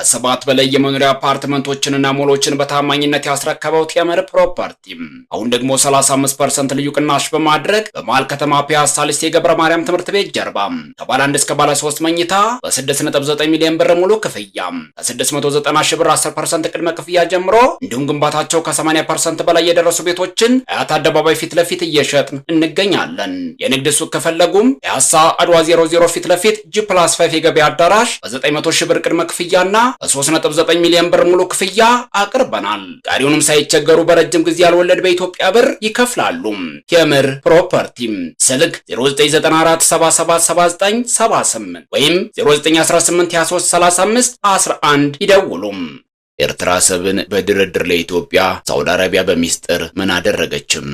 ከሰባት በላይ የመኖሪያ አፓርትመንቶችንና ሞሎችን በታማኝነት ያስረከበው ቴምር ፕሮፐርቲ አሁን ደግሞ 35% ልዩ ቅናሽ በማድረግ በመሃል ከተማ ፒያሳ ሊሴ ገብረ ማርያም ትምህርት ቤት ጀርባ ከባለ አንድ እስከ ባለ 3 መኝታ በ6.9 ሚሊዮን ብር ሙሉ ክፍያ ከ690 ሺህ ብር 10% ቅድመ ክፍያ ጀምሮ እንዲሁም ግንባታቸው ከ80% በላይ የደረሱ ቤቶችን አያት አደባባይ ፊት ለፊት እየሸጥን እንገኛለን። የንግድ ሱቅ ከፈለጉም ፒያሳ አድዋ 00 ፊት ለፊት ጂ ፕላስ 5 የገበያ አዳራሽ በ900 ሺህ ብር ቅድመ ክፍያና 39 ሚሊዮን ብር ሙሉ ክፍያ አቅርበናል። ቀሪውንም ሳይቸገሩ በረጅም ጊዜ ያልወለድ በኢትዮጵያ ብር ይከፍላሉ። የምር ፕሮፐርቲ ስልክ 0994777978 ወይም 0918233511 ይደውሉም። ኤርትራ ሰብን በድርድር ለኢትዮጵያ ሳውዲ አረቢያ በሚስጥር ምን አደረገችም?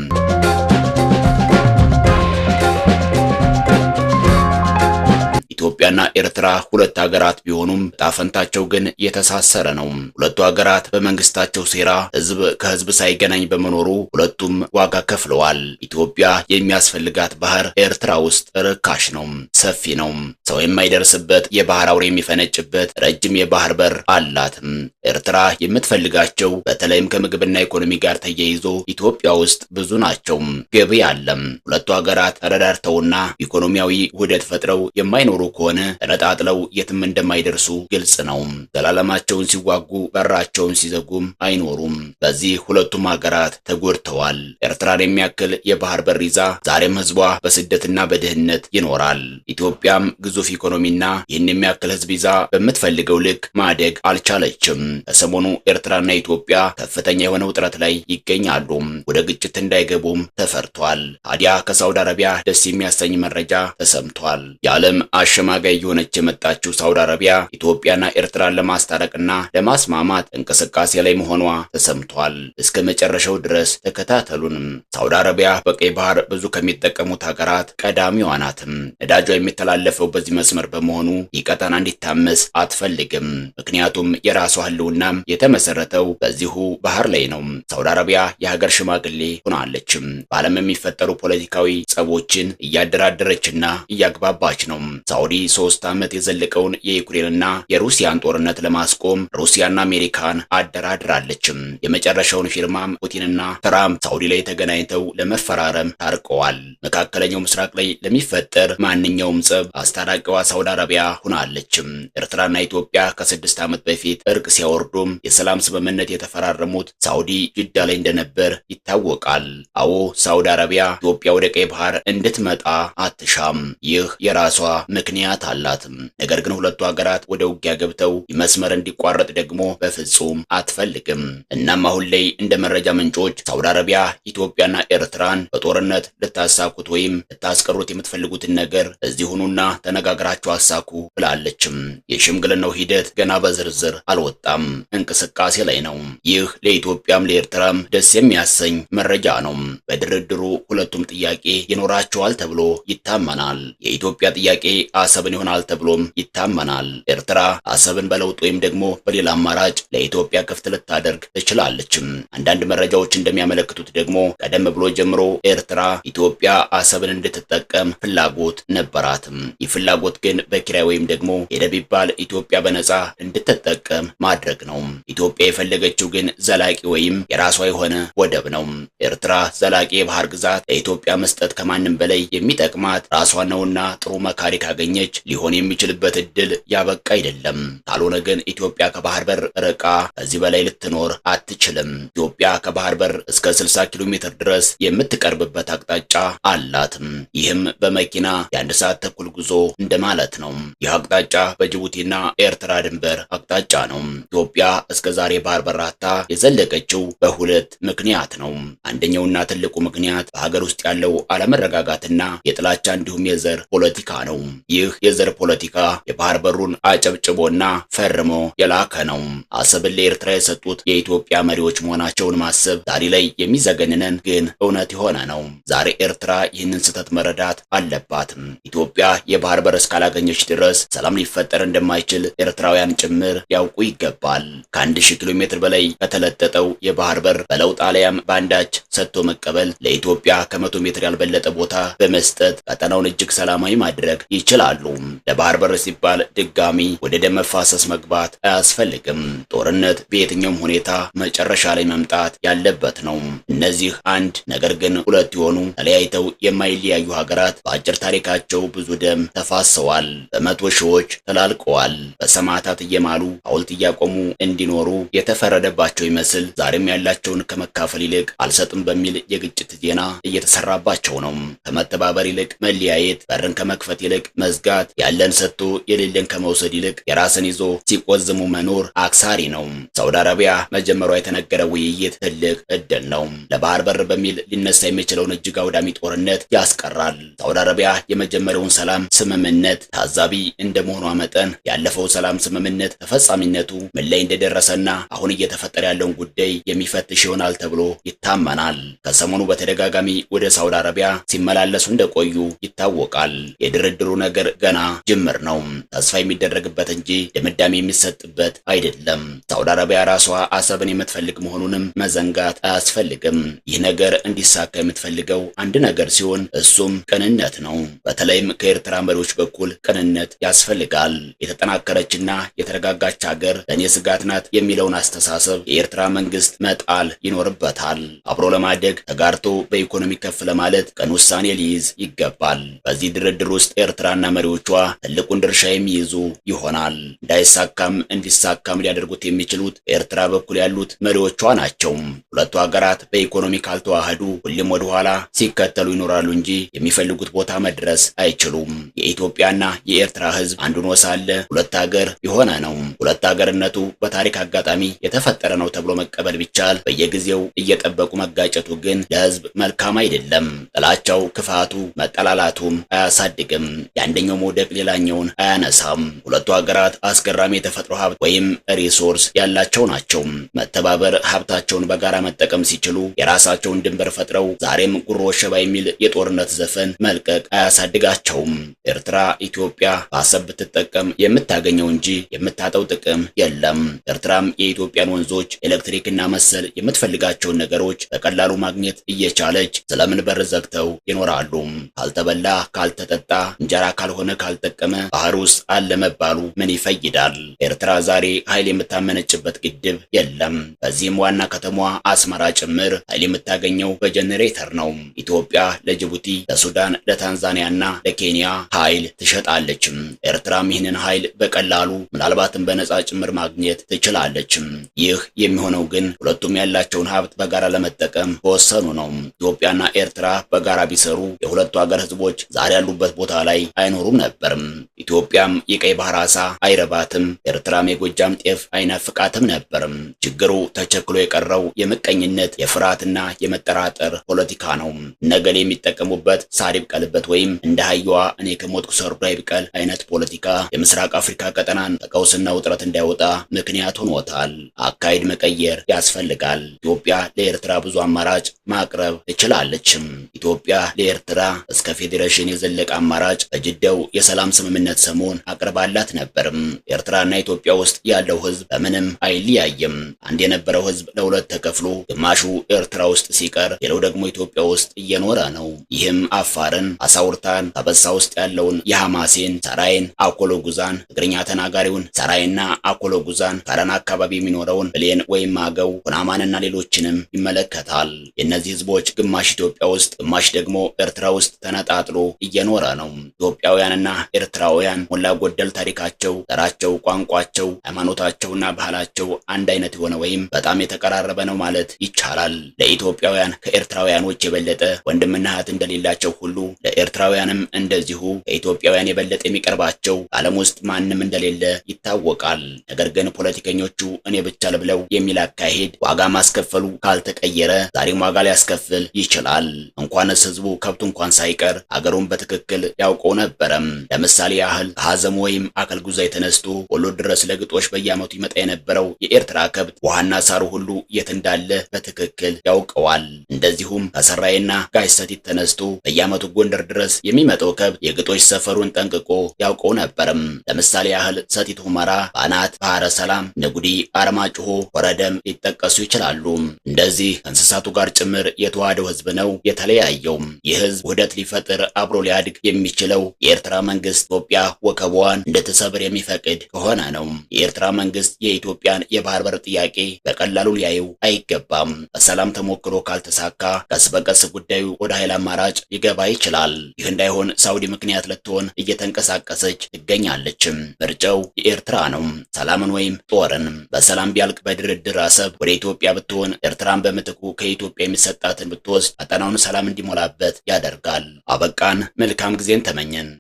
ኢትዮጵያና ኤርትራ ሁለት ሀገራት ቢሆኑም ጣፈንታቸው ግን የተሳሰረ ነው። ሁለቱ ሀገራት በመንግስታቸው ሴራ ህዝብ ከህዝብ ሳይገናኝ በመኖሩ ሁለቱም ዋጋ ከፍለዋል። ኢትዮጵያ የሚያስፈልጋት ባህር ኤርትራ ውስጥ ርካሽ ነው፣ ሰፊ ነው። ሰው የማይደርስበት የባህር አውሬ የሚፈነጭበት ረጅም የባህር በር አላትም። ኤርትራ የምትፈልጋቸው በተለይም ከምግብና ኢኮኖሚ ጋር ተያይዞ ኢትዮጵያ ውስጥ ብዙ ናቸው። ገቢ አለም። ሁለቱ ሀገራት ተረዳድተውና ኢኮኖሚያዊ ውህደት ፈጥረው የማይኖሩ ከሆነ ተነጣጥለው የትም እንደማይደርሱ ግልጽ ነው። ዘላለማቸውን ሲዋጉ በራቸውን ሲዘጉም አይኖሩም። በዚህ ሁለቱም ሀገራት ተጎድተዋል። ኤርትራን የሚያክል የባህር በር ይዛ ዛሬም ህዝቧ በስደትና በድህነት ይኖራል። ኢትዮጵያም ግዙፍ ኢኮኖሚና ይህን የሚያክል ህዝብ ይዛ በምትፈልገው ልክ ማደግ አልቻለችም። ከሰሞኑ ኤርትራና ኢትዮጵያ ከፍተኛ የሆነ ውጥረት ላይ ይገኛሉ። ወደ ግጭት እንዳይገቡም ተፈርቷል። ታዲያ ከሳውዲ አረቢያ ደስ የሚያሰኝ መረጃ ተሰምቷል። የዓለም አሸማጋይ የሆነች የመጣችው ሳውዲ አረቢያ ኢትዮጵያና ኤርትራን ለማስታረቅና ለማስማማት እንቅስቃሴ ላይ መሆኗ ተሰምቷል። እስከ መጨረሻው ድረስ ተከታተሉንም። ሳውዲ አረቢያ በቀይ ባህር ብዙ ከሚጠቀሙት ሀገራት ቀዳሚዋ ናትም። ነዳጇ የሚተላለፈው በ በዚህ መስመር በመሆኑ ይህ ቀጠና እንዲታመስ አትፈልግም። ምክንያቱም የራሷ ህልውናም የተመሰረተው በዚሁ ባህር ላይ ነው። ሳውዲ አረቢያ የሀገር ሽማግሌ ሆናለችም። በዓለም የሚፈጠሩ ፖለቲካዊ ጸቦችን እያደራደረችና እያግባባች ነው። ሳውዲ ሶስት ዓመት የዘለቀውን የዩክሬንና የሩሲያን ጦርነት ለማስቆም ሩሲያና አሜሪካን አደራድራለችም። የመጨረሻውን ፊርማም ፑቲንና ትራምፕ ሳውዲ ላይ ተገናኝተው ለመፈራረም ታርቀዋል። መካከለኛው ምስራቅ ላይ ለሚፈጠር ማንኛውም ጸብ አስታራ ተፈናቃይዋ ሳውዲ አረቢያ ሆናለችም። ኤርትራና ኢትዮጵያ ከስድስት ዓመት በፊት እርቅ ሲያወርዱም የሰላም ስምምነት የተፈራረሙት ሳውዲ ጅዳ ላይ እንደነበር ይታወቃል። አዎ ሳውዲ አረቢያ ኢትዮጵያ ወደ ቀይ ባህር እንድትመጣ አትሻም። ይህ የራሷ ምክንያት አላትም። ነገር ግን ሁለቱ ሀገራት ወደ ውጊያ ገብተው መስመር እንዲቋረጥ ደግሞ በፍጹም አትፈልግም። እናም አሁን ላይ እንደ መረጃ ምንጮች ሳውዲ አረቢያ ኢትዮጵያና ኤርትራን በጦርነት ልታሳኩት ወይም ልታስቀሩት የምትፈልጉትን ነገር እዚሁኑና ተነጋ ተነጋግራችሁ አሳኩ ብላለችም። የሽምግልናው ሂደት ገና በዝርዝር አልወጣም፣ እንቅስቃሴ ላይ ነው። ይህ ለኢትዮጵያም ለኤርትራም ደስ የሚያሰኝ መረጃ ነው። በድርድሩ ሁለቱም ጥያቄ ይኖራቸዋል ተብሎ ይታመናል። የኢትዮጵያ ጥያቄ አሰብን ይሆናል ተብሎም ይታመናል። ኤርትራ አሰብን በለውጥ ወይም ደግሞ በሌላ አማራጭ ለኢትዮጵያ ክፍት ልታደርግ ትችላለችም። አንዳንድ መረጃዎች እንደሚያመለክቱት ደግሞ ቀደም ብሎ ጀምሮ ኤርትራ ኢትዮጵያ አሰብን እንድትጠቀም ፍላጎት ነበራትም። ይህ ፍላጎት ግን በኪራይ ወይም ደግሞ ሄደ ቢባል ኢትዮጵያ በነጻ እንድትጠቀም ማድረግ ነው። ኢትዮጵያ የፈለገችው ግን ዘላቂ ወይም የራሷ የሆነ ወደብ ነው። ኤርትራ ዘላቂ የባህር ግዛት ለኢትዮጵያ መስጠት ከማንም በላይ የሚጠቅማት ራሷ ነውና ጥሩ መካሪ ካገኘች ሊሆን የሚችልበት እድል ያበቃ አይደለም። ካልሆነ ግን ኢትዮጵያ ከባህር በር ርቃ ከዚህ በላይ ልትኖር አትችልም። ኢትዮጵያ ከባህር በር እስከ 60 ኪሎ ሜትር ድረስ የምትቀርብበት አቅጣጫ አላትም። ይህም በመኪና የአንድ ሰዓት ተኩል ጉዞ እንደማለት ነው። ይህ አቅጣጫ በጅቡቲና ኤርትራ ድንበር አቅጣጫ ነው። ኢትዮጵያ እስከ ዛሬ ባህር በራታ የዘለቀችው በሁለት ምክንያት ነው። አንደኛውና ትልቁ ምክንያት በሀገር ውስጥ ያለው አለመረጋጋትና የጥላቻ እንዲሁም የዘር ፖለቲካ ነው። ይህ የዘር ፖለቲካ የባህር በሩን አጨብጭቦና ፈርሞ የላከ ነው። አሰብን ለኤርትራ የሰጡት የኢትዮጵያ መሪዎች መሆናቸውን ማሰብ ዛሬ ላይ የሚዘገንነን ግን እውነት የሆነ ነው። ዛሬ ኤርትራ ይህንን ስህተት መረዳት አለባትም። ኢትዮጵያ የባህር ማህበር እስካላገኘች ድረስ ሰላም ሊፈጠር እንደማይችል ኤርትራውያን ጭምር ሊያውቁ ይገባል። ከአንድ ሺህ ኪሎ ሜትር በላይ ከተለጠጠው የባህር በር በለውጥ አልያም በአንዳች ሰጥቶ መቀበል ለኢትዮጵያ ከመቶ ሜትር ያልበለጠ ቦታ በመስጠት ቀጠናውን እጅግ ሰላማዊ ማድረግ ይችላሉ። ለባህር በር ሲባል ድጋሚ ወደ ደም መፋሰስ መግባት አያስፈልግም። ጦርነት በየትኛውም ሁኔታ መጨረሻ ላይ መምጣት ያለበት ነው። እነዚህ አንድ ነገር ግን ሁለት የሆኑ ተለያይተው የማይለያዩ ሀገራት በአጭር ታሪካቸው ብዙ ደም ተፋ ተፋሰዋል፣ በመቶ ሺዎች ተላልቀዋል። በሰማዕታት እየማሉ ሐውልት እያቆሙ እንዲኖሩ የተፈረደባቸው ይመስል ዛሬም ያላቸውን ከመካፈል ይልቅ አልሰጥም በሚል የግጭት ዜና እየተሰራባቸው ነው። ከመተባበር ይልቅ መለያየት፣ በርን ከመክፈት ይልቅ መዝጋት፣ ያለን ሰጥቶ የሌለን ከመውሰድ ይልቅ የራስን ይዞ ሲቆዝሙ መኖር አክሳሪ ነው። ሳውዲ አረቢያ መጀመሯ የተነገረ ውይይት ትልቅ እድል ነው። ለባህር በር በሚል ሊነሳ የሚችለውን እጅግ አውዳሚ ጦርነት ያስቀራል። ሳውዲ አረቢያ የመጀመሪያውን ሰላም ስምምነት ስምምነት ታዛቢ እንደመሆኗ መጠን ያለፈው ሰላም ስምምነት ተፈጻሚነቱ ምን ላይ እንደደረሰና አሁን እየተፈጠረ ያለውን ጉዳይ የሚፈትሽ ይሆናል ተብሎ ይታመናል። ከሰሞኑ በተደጋጋሚ ወደ ሳውዲ አረቢያ ሲመላለሱ እንደቆዩ ይታወቃል። የድርድሩ ነገር ገና ጅምር ነው። ተስፋ የሚደረግበት እንጂ ድምዳሜ የሚሰጥበት አይደለም። ሳውዲ አረቢያ ራሷ አሰብን የምትፈልግ መሆኑንም መዘንጋት አያስፈልግም። ይህ ነገር እንዲሳካ የምትፈልገው አንድ ነገር ሲሆን እሱም ቅንነት ነው። በተለይም ከኤርትራ መሪዎች በኩል ቅንነት ያስፈልጋል። የተጠናከረችና የተረጋጋች ሀገር ለእኔ ስጋት ናት የሚለውን አስተሳሰብ የኤርትራ መንግስት መጣል ይኖርበታል። አብሮ ለማደግ ተጋርቶ በኢኮኖሚ ከፍ ለማለት ቀን ውሳኔ ሊይዝ ይገባል። በዚህ ድርድር ውስጥ ኤርትራና መሪዎቿ ትልቁን ድርሻ የሚይዙ ይሆናል። እንዳይሳካም እንዲሳካም ሊያደርጉት የሚችሉት በኤርትራ በኩል ያሉት መሪዎቿ ናቸው። ሁለቱ ሀገራት በኢኮኖሚ ካልተዋህዱ ሁሌም ወደኋላ ሲከተሉ ይኖራሉ እንጂ የሚፈልጉት ቦታ መድረስ አይችሉም። የኢትዮ የኢትዮጵያና የኤርትራ ህዝብ አንድ ሆኖ ሳለ ሁለት ሀገር የሆነ ነው። ሁለት ሀገርነቱ በታሪክ አጋጣሚ የተፈጠረ ነው ተብሎ መቀበል ቢቻል በየጊዜው እየጠበቁ መጋጨቱ ግን ለህዝብ መልካም አይደለም። ጥላቻው፣ ክፋቱ፣ መጠላላቱም አያሳድግም። የአንደኛው መውደቅ ሌላኛውን አያነሳም። ሁለቱ ሀገራት አስገራሚ የተፈጥሮ ሀብት ወይም ሪሶርስ ያላቸው ናቸው። መተባበር ሀብታቸውን በጋራ መጠቀም ሲችሉ የራሳቸውን ድንበር ፈጥረው ዛሬም ጉሮ የሚል የጦርነት ዘፈን መልቀቅ አያሳድጋቸውም። ኤርትራ ኤርትራ ኢትዮጵያ በአሰብ ብትጠቀም የምታገኘው እንጂ የምታጠው ጥቅም የለም። ኤርትራም የኢትዮጵያን ወንዞች፣ ኤሌክትሪክና መሰል የምትፈልጋቸውን ነገሮች በቀላሉ ማግኘት እየቻለች ስለምን በር ዘግተው ይኖራሉ? ካልተበላ ካልተጠጣ እንጀራ ካልሆነ ካልጠቀመ ባህር ውስጥ አለ መባሉ ምን ይፈይዳል? ኤርትራ ዛሬ ኃይል የምታመነጭበት ግድብ የለም። በዚህም ዋና ከተማ አስመራ ጭምር ኃይል የምታገኘው በጀኔሬተር ነው። ኢትዮጵያ ለጅቡቲ፣ ለሱዳን፣ ለታንዛኒያና ለኬንያ ኃይል ትሸጣለችም። ኤርትራም ይህንን ኃይል በቀላሉ ምናልባትም በነጻ ጭምር ማግኘት ትችላለችም። ይህ የሚሆነው ግን ሁለቱም ያላቸውን ሀብት በጋራ ለመጠቀም ከወሰኑ ነው። ኢትዮጵያና ኤርትራ በጋራ ቢሰሩ የሁለቱ ሀገር ህዝቦች ዛሬ ያሉበት ቦታ ላይ አይኖሩም ነበርም። ኢትዮጵያም የቀይ ባህር አሳ አይረባትም፣ ኤርትራም የጎጃም ጤፍ አይናፍቃትም ነበርም። ችግሩ ተቸክሎ የቀረው የምቀኝነት የፍርሃትና የመጠራጠር ፖለቲካ ነው። ነገሌ የሚጠቀሙበት ሳሪብ ቀልበት ወይም እንደ አህያዋ እኔ ከሞትኩ ሰርፕራይብ ቀል አይነት ፖለቲካ የምስራቅ አፍሪካ ቀጠናን ከቀውስና ውጥረት እንዳይወጣ ምክንያት ሆኖታል። አካሄድ መቀየር ያስፈልጋል። ኢትዮጵያ ለኤርትራ ብዙ አማራጭ ማቅረብ ትችላለችም። ኢትዮጵያ ለኤርትራ እስከ ፌዴሬሽን የዘለቀ አማራጭ በጅደው የሰላም ስምምነት ሰሞን አቅርባላት ነበርም። ኤርትራና ኢትዮጵያ ውስጥ ያለው ህዝብ በምንም አይለያይም። አንድ የነበረው ህዝብ ለሁለት ተከፍሎ ግማሹ ኤርትራ ውስጥ ሲቀር፣ ሌላው ደግሞ ኢትዮጵያ ውስጥ እየኖረ ነው። ይህም አፋርን፣ አሳውርታን፣ አበሳ ውስጥ ያለውን የሐማሴን ሰራይን አኮሎ ጉዛን ትግርኛ ተናጋሪውን ሰራይና አኮሎ ጉዛን ካረና አካባቢ የሚኖረውን ብሌን ወይም አገው ኩናማንና ሌሎችንም ይመለከታል። የእነዚህ ህዝቦች ግማሽ ኢትዮጵያ ውስጥ ግማሽ ደግሞ ኤርትራ ውስጥ ተነጣጥሎ እየኖረ ነው። ኢትዮጵያውያንና ኤርትራውያን ሞላ ጎደል ታሪካቸው፣ ዘራቸው፣ ቋንቋቸው፣ ሃይማኖታቸውና ባህላቸው አንድ አይነት የሆነ ወይም በጣም የተቀራረበ ነው ማለት ይቻላል። ለኢትዮጵያውያን ከኤርትራውያኖች የበለጠ ወንድምና እህት እንደሌላቸው ሁሉ ለኤርትራውያንም እንደዚሁ ኢትዮጵያውያን የበለጠ የሚቀርባቸው ዓለም ውስጥ ማንም እንደሌለ ይታወቃል። ነገር ግን ፖለቲከኞቹ እኔ ብቻ ልብለው የሚል አካሄድ ዋጋ ማስከፈሉ ካልተቀየረ ዛሬም ዋጋ ሊያስከፍል ይችላል። እንኳንስ ህዝቡ ከብቱ እንኳን ሳይቀር አገሩን በትክክል ያውቀው ነበረም። ለምሳሌ ያህል ከሀዘሙ ወይም አከል ጉዛይ ተነስቶ ወሎ ድረስ ለግጦሽ በየዓመቱ ይመጣ የነበረው የኤርትራ ከብት ውሃና ሳሩ ሁሉ የት እንዳለ በትክክል ያውቀዋል። እንደዚሁም ከሰራይና ጋሽ ተነስቶ በየዓመቱ ጎንደር ድረስ የሚመጣው ከብት የግጦሽ ሰፈሩን ጠንቅቆ ያውቀው ነበርም። ለምሳሌ ያህል ሰቲት ሁመራ፣ ባናት፣ ባህረ ሰላም፣ ንጉዲ፣ አርማጭሆ፣ ወረደም ሊጠቀሱ ይችላሉ። እንደዚህ ከእንስሳቱ ጋር ጭምር የተዋህደው ህዝብ ነው የተለያየው። ይህ ህዝብ ውህደት ሊፈጥር አብሮ ሊያድግ የሚችለው የኤርትራ መንግስት ኢትዮጵያ ወከቧን እንድትሰብር የሚፈቅድ ከሆነ ነው። የኤርትራ መንግስት የኢትዮጵያን የባህር በር ጥያቄ በቀላሉ ሊያዩ አይገባም። በሰላም ተሞክሮ ካልተሳካ ቀስ በቀስ ጉዳዩ ወደ ኃይል አማራጭ ሊገባ ይችላል። ይህ እንዳይሆን ሳውዲ ምክንያት እንድትሆን እየተንቀሳቀሰች ትገኛለችም። ምርጫው የኤርትራ ነው። ሰላምን ወይም ጦርን። በሰላም ቢያልቅ በድርድር አሰብ ወደ ኢትዮጵያ ብትሆን፣ ኤርትራን በምትኩ ከኢትዮጵያ የሚሰጣትን ብትወስድ ቀጠናውን ሰላም እንዲሞላበት ያደርጋል። አበቃን። መልካም ጊዜን ተመኘን።